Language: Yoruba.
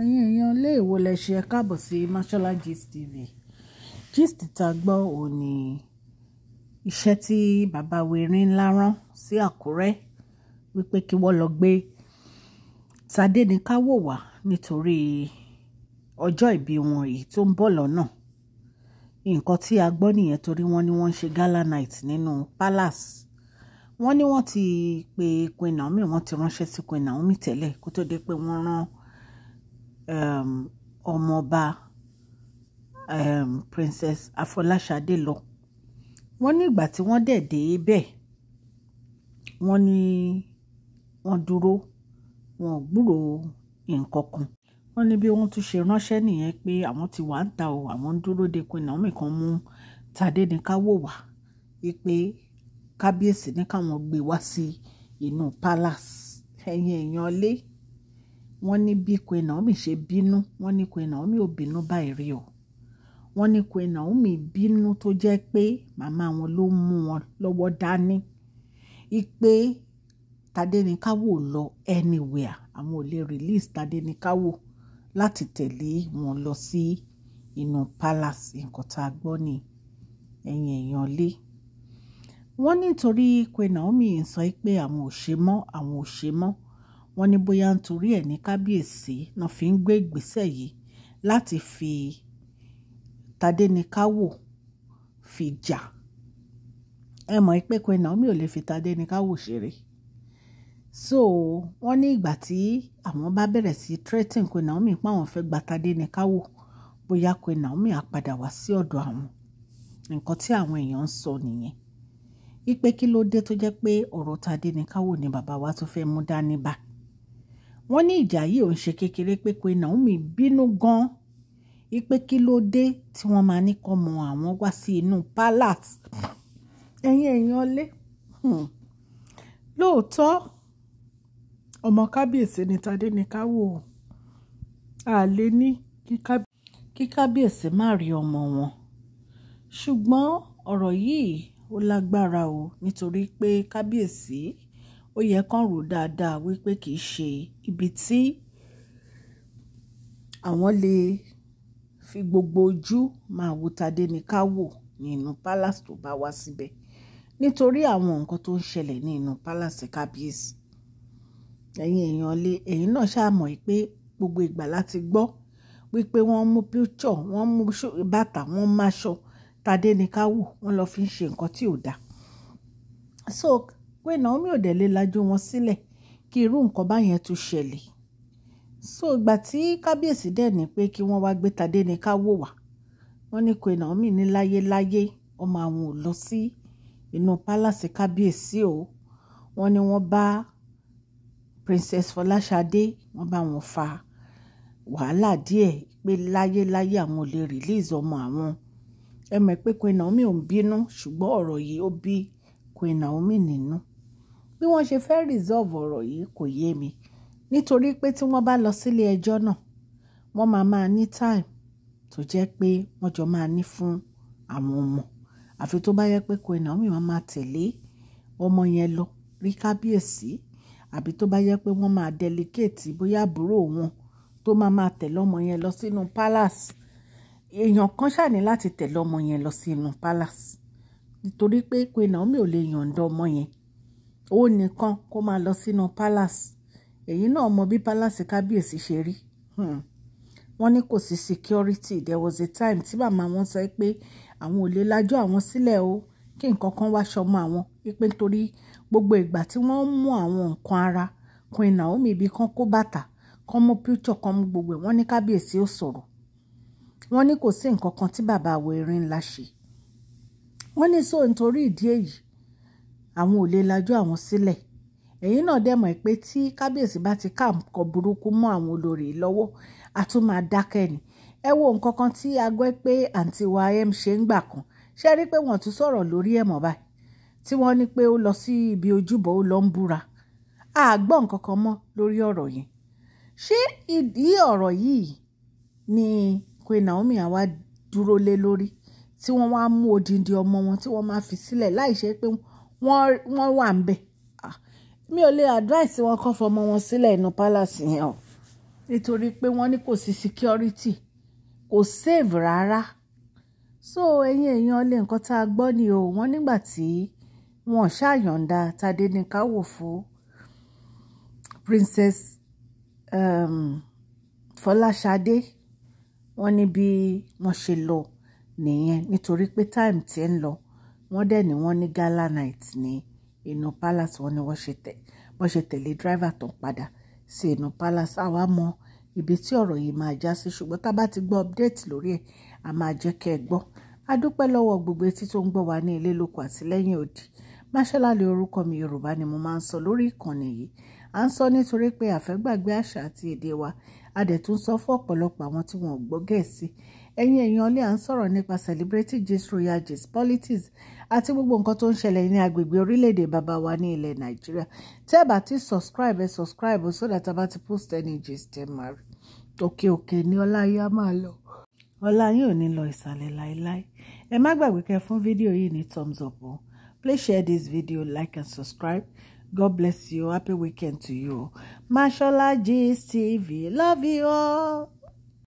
ẹ̀yin èèyàn ilé ìwò lẹ ṣe ẹ káàbọ̀ sí Mashola Gist TV gist ta gbọ́ òun ni iṣẹ́ tí bàbá Wẹ̀rin ńlá rán sí Àkúrẹ́ wípé kí wọ́n lọ gbé Tadéníkáwò wá nítorí ọjọ́ ìbí wọn èyí tó ń bọ̀ lọ́nà nǹkan tí a gbọ́ nìyẹn torí wọ́n ní wọ́n ń ṣe gala night nínú palace wọ́n ní wọ́n ti pe Queen Naomi wọ́n ti ránṣẹ́ sí Queen Naomi tẹ́lẹ̀ kó tó dé pé wọ́n rán um, ọmọọba um, princess Afolashade lọ wọ́n ní ìgbà tí wọ́n dẹ̀ dé bẹ́ẹ̀ wọ́n ní wọ́n dúró wọn ò gbúròó nǹkan kan wọ́n ní bí wọ́n tún ṣe ránṣẹ́ nìyẹn pé àwọn ti wà ń ta o àwọn ń dúró de pé Naomi kan mú Tadéníkáwò wá wípé kábíyèsí ní káwọn gbé wá sí inú palace ẹ̀yin èèyàn lé wọ́n ní bí Queen Naomi ṣe bínú wọ́n ní Queen Naomi ò bínú báyìí rí o wọ́n ní Queen Naomi bínú tó jẹ́ pé màmá wọn ló mú wọn lọ́wọ́ dání ipe Tádéníkáwò lọ anywhere àwọn ò lè release Tádéníkáwò láti tẹ̀lé wọn lọ sí inú palace nǹkan tá a gbọ́ ni ẹ̀yìn èèyàn lé wọ́n nítorí Queen Naomi ń sọ pé àwọn ò ṣe mọ́ àwọn ò ṣe mọ́ wọ́n ní bóyá nítorí ẹ̀ ní kábíyèsí náà fi ń gbé ìgbésẹ̀ yìí láti fi Tadéníkáwò fi jà ẹ mọ̀ pé Queen Naomi ò lè fi Tadéníkáwò ṣeré so wọ́n ní ìgbà tí àwọn bá bẹ̀rẹ̀ sí threatening Queen Naomi pé àwọn fẹ́ gba Tadéníkáwò bóyá Queen Naomi á padà wá sí ọ̀dọ̀ àwọn nǹkan tí àwọn èèyàn ń sọ nìyẹn ipe kí ló dé tó jẹ́ pé ọ̀rọ̀ Tadéníkáwò ni bàbá wa tó fẹ́ mú dání bá wọ́n ní ìjà yìí ò ń ṣe kékeré pé pé Naomi bínú gan-an ipe kí ló dé tí wọ́n máa ní kọ́mọ àwọn wá sí inú palace ẹ̀yin ẹ̀yin ọlé hmm. lóòótọ́ ọmọ kábíyèsí ni tadé ni ká àlè ní kí kábíyèsí má rí ọmọ wọn ṣùgbọ́n ọ̀rọ̀ yìí ó lágbára o nítorí pé kábíyèsí. Si ó yẹ kán rò dáadáa wípé kì í ṣe ibi tí àwọn lè fi gbogbo ojú máa wo Tadéníkà wò nínú palace tó bá wá síbẹ̀ nítorí àwọn nǹkan tó ń ṣẹlẹ̀ nínú palace kábíyèsí ẹ̀yin èèyàn lé ẹ̀yin náà ṣàmọ̀ pé gbogbo ìgbà láti gbọ́ wípé wọ́n mú picture wọ́n mú bàtà wọ́n máṣọ Tadéníkà wò wọ́n lọ fi ń ṣe nǹkan tí ò dáa so pé Naomi ò dẹ̀ lè lajú wọn sílẹ̀ kí irú nǹkan báyẹn tún ṣẹlẹ̀ so ìgbà tí kábíyèsí dẹ̀ ní pé kí wọ́n wá gbé tadé ní ká wò wá wọ́n ní pé Naomi ní láyéláyé ọmọ àwọn ò lọ sí inú pálásì kábíyèsí o wọ́n ní wọ́n bá Princess Fọláṣadé wọ́n bá wọn fa wàhálà díẹ̀ pé láyéláyé àwọn ò lè release ọmọ àwọn ẹ mọ̀ pé Queen Naomi ò ń bínú ṣùgbọ́n ọ̀rọ̀ yìí ó bí Queen Naomi nínú. No? bí wọ́n ṣe fẹ́ resolve ọ̀rọ̀ yìí kò yé mi nítorí pé tí wọ́n bá lọ sílé ẹjọ́ náà wọ́n máa máa ní time tó jẹ́ pé wọ́n jọ máa ní fún àwọn ọmọ àfi tó bá yẹ pé Queen Naomi máa máa tẹ̀lé ọmọ yẹn lọ rí kábíyèsí àbí tó bá yẹ pé wọ́n máa delegate bóyá àbúrò wọn tó máa máa tẹ̀lé ọmọ yẹn lọ sínú palace èèyàn kan ṣàní láti tẹ̀lé ọmọ yẹn lọ sínú palace nítorí pé Queen Naomi ò lè yọ̀ǹda ọmọ yẹn ó nìkan kó máa lọ sínú palace èyí náà mọ bí palace kábíyèsí ṣe rí hmm. wọ́n ní kò sí security there was a time tí màmá wọn sọ pé àwọn ò lè lájọ́ àwọn sílẹ̀ o kí nǹkan kan wá ṣọmọ àwọn pé nítorí gbogbo ìgbà tí wọ́n ń mú àwọn nǹkan ara Queen Naomi ibi kan kó bàtà kan mú picture kan mú gbogbo ẹ̀ wọ́n ní kábíyèsí ò sọ̀rọ̀ wọ́n ní kò sí nǹkan kan tí bàbá àwọ̀ erin ńlá ṣe wọ́n ní so nítorí ìdí èyí àwọn ò lè lajú àwọn sílẹ̀ ẹ̀yin náà dẹ̀ mọ̀ pé tí kábíyèsí bá ti ká nǹkan burúkú mọ́ àwọn olórí lọ́wọ́ a tún máa dákẹ́ ni ẹ wo nǹkan kan tí a gbọ́ pé àǹtí wa m ṣe ń gbà kan ṣe rí pé wọ́n tún sọ̀rọ̀ lórí ẹ̀ báyìí tí wọ́n ní pé ó lọ sí ibi ojúbọ ó lọ ń búra a gbọ́ nǹkan kan mọ́ lórí ọ̀rọ̀ yẹn ṣé ìdí ọ̀rọ̀ yìí ni Queen Naomi àwa dúró lé lórí tí wọ́n wá mú odindi ọmọ wọn tí wọ́n máa fi sílẹ̀ láì ṣe pé wọ́n wà ń bẹ̀ ah, mi ò lè advice wọn kọ́ fọmọ wọn sílẹ̀ inú palace yẹn o nítorí pé wọ́n ní kò sí security kò save rárá so ẹ̀yin èèyàn lè nǹkan tá a gbọ́ ni o wọ́n nígbà tí wọ́n ṣàyọ̀ǹda Tadéníkà wò fún Princess um, Fọláṣadé wọ́n ní bí wọ́n ṣe lọ nìyẹn nítorí pé time ti ń lọ wọ́n dẹ̀ ní wọ́n ní gala night ní inú palace wọ́n ní wọ́n ṣe tẹ̀ wọ́n ṣe tẹ̀lé driver tó ń padà sí inú palace àwa mọ ibi tí ọ̀rọ̀ yìí máa já sí ṣùgbọ́n tá a bá ti gbọ́ update lórí ẹ̀ a máa jẹ́ kẹ́ ẹ gbọ́ a dúpẹ́ lọ́wọ́ gbogbo etí tó ń gbọ́ wa ní ilé lóko àti lẹ́yìn odi máṣẹ́láàlì orúkọ mi yorùbá ni mo máa ń sọ lórí ìkànnì yìí à ń sọ nítorí pé àfẹ́gbàgbé àṣà àti èdè wa a sọ fún ọ̀pọ̀lọpọ̀ àwọn tí wọn ò gbọ́ gẹ̀ẹ́sì ẹ̀yin èèyàn ilé à ń sọ̀rọ̀ nípa celebrity gist royal gist politics àti gbogbo nǹkan tó ń ṣẹlẹ̀ ní agbègbè orílẹ̀-èdè bàbá wa ní ilẹ̀ nàìjíríà tẹ́ bá ti subscribe ẹ subscribe so that a bá ti post any gist ẹ máa rí òkè òkè ni ọlá yá máa lọ ọlá yín ò ní lọ ìsàlẹ̀ láéláé ẹ má gbàgbé kẹ́ fún fídíò yìí ní thumbs up o please share this video like and subscribe god bless you happy weekend to you mashola gist tv love you all.